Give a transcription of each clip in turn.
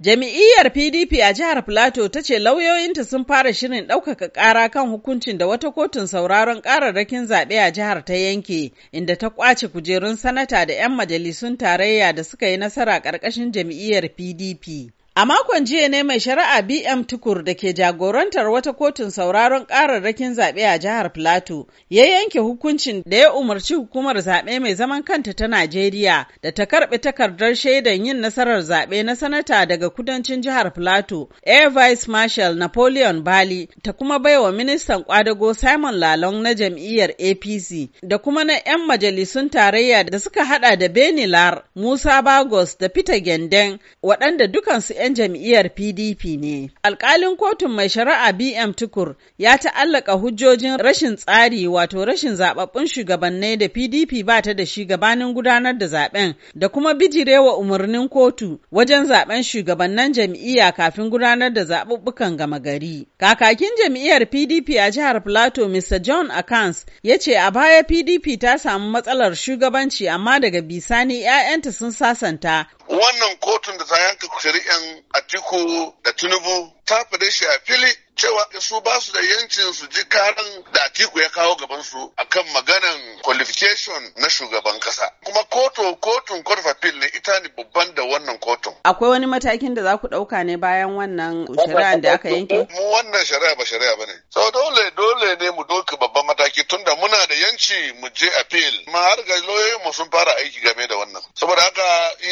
Jami'iyyar PDP a jihar Filato ta ce lauyoyinta sun fara shirin ɗaukaka ƙara kan hukuncin da wata kotun sauraron ƙararrakin zaɓe a jihar ta yanke, inda ta ƙwace kujerun sanata da 'yan majalisun tarayya da suka yi nasara ƙarƙashin jami'iyyar PDP. A makon jiya ne mai shari'a BM Tukur da ke jagorantar wata kotun sauraron kararrakin zaɓe a jihar Filato ya yanke hukuncin da ya umarci hukumar zaɓe mai zaman kanta ta Najeriya da ta karɓi takardar shaidan yin nasarar zaɓe na sanata daga kudancin jihar Filato Air Vice Marshal Napoleon Bali ta kuma baiwa ministan kwadago Simon Lalong na jam'iyyar APC da kuma na 'yan majalisun tarayya da suka hada da Benilar, Musa Bagos da Peter Gendeng waɗanda dukansu 'yan jam'iyyar PDP ne. Alkalin kotun mai shari'a BM Tukur ya ta'allaka hujjojin rashin tsari wato rashin zababbun shugabannai da PDP ba ta da shi gabanin gudanar da zaben da kuma bijirewa umarnin kotu wajen zaben shugabannin jam'iyya kafin gudanar da zaɓuɓɓukan gama gari. Kakakin jam'iyyar PDP a jihar Plateau Mr. John Akans ya ce a baya PDP ta samu matsalar shugabanci amma daga bisani 'ya'yanta sun sasanta wannan kotun da ta yanka shari'an Atiku da Tinubu ta fada shi a fili cewa su ba su da yancin su ji karan da Atiku ya kawo gaban su akan maganan qualification na shugaban kasa. Kuma kotu kotun Court of Appeal ne ita ne babban da wannan kotun. Akwai wani matakin da za ku ɗauka ne bayan wannan shari'a da aka yanke? Mu wannan shari'a ba shari'a ba So dole dole ne mu doki babban mataki tunda muna da yanci mu je appeal. Ma har ga lauyoyin mu sun fara aiki game da wannan. Saboda haka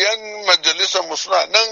yan majalisar mu suna nan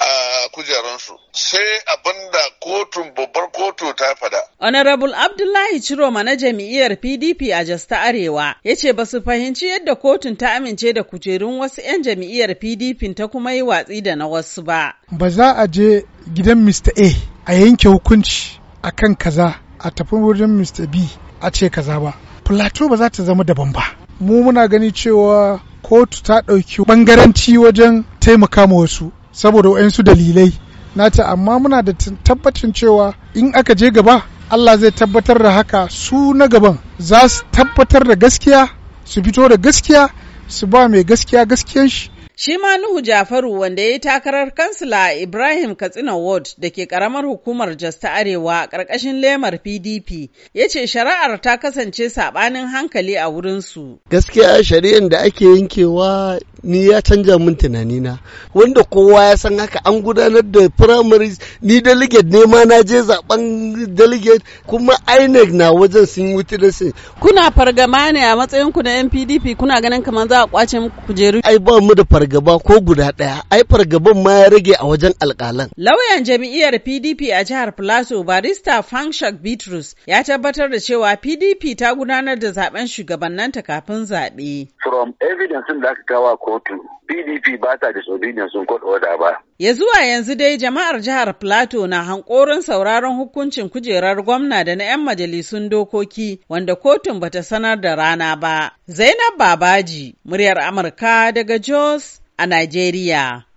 a kujeransu. Sai a abin da kotun babbar kotu ta fada. Honorable Abdullahi Chiroma na jam'iyyar PDP a Jos ta Arewa ya ce ba su fahimci yadda kotun ta amince da kujerun wasu 'yan jam'iyyar PDP ta kuma yi watsi da na wasu ba. Ba za a je gidan Mr. A a yanke hukunci a kan kaza a tafi wurin Mr. B a ce kaza ba. Plateau ba za ta zama daban ba. Mu muna gani cewa kotu ta ɗauki bangaranci wajen taimaka ma wasu saboda waɗansu dalilai na ce amma muna da tabbacin cewa in aka je gaba Allah zai tabbatar da haka su na gaban za su tabbatar da gaskiya su fito da gaskiya su ba mai gaskiya gaskiyan shi Shi ma Nuhu Jafaru wanda ya yi takarar kansila Ibrahim Katsina Ward da ke karamar hukumar Jasta Arewa ƙarƙashin lemar PDP ya ce shari'ar ta kasance saɓanin hankali a wurinsu. Gaskiya shari'ar da ake yankewa ni ya canja min tunanina wanda kowa ya san haka an gudanar da primaries ni delegate ne ma na je zaben delegate kuma INEC na wajen sun witnessing kuna fargaba ne a matsayin ku na NPDP kuna ganin kamar za a kwace muku kujeru ai ba mu da fargaba ko guda daya ai fargaban ma ya rage a wajen alƙalan lauyan jami'iyar PDP a jihar Plateau barista Fangshak Bitrus ya tabbatar da cewa PDP ta gudanar da zaben shugabannanta kafin zaɓe from evidence da aka kawo Sokoto. pdp ba ta disobedience sun court order ba ya zuwa yanzu dai jama'ar jihar plateau na hankorin sauraron hukuncin kujerar gwamna da na 'yan majalisun dokoki wanda kotun bata sanar da rana ba zainab babaji muryar amurka daga jos a Najeriya.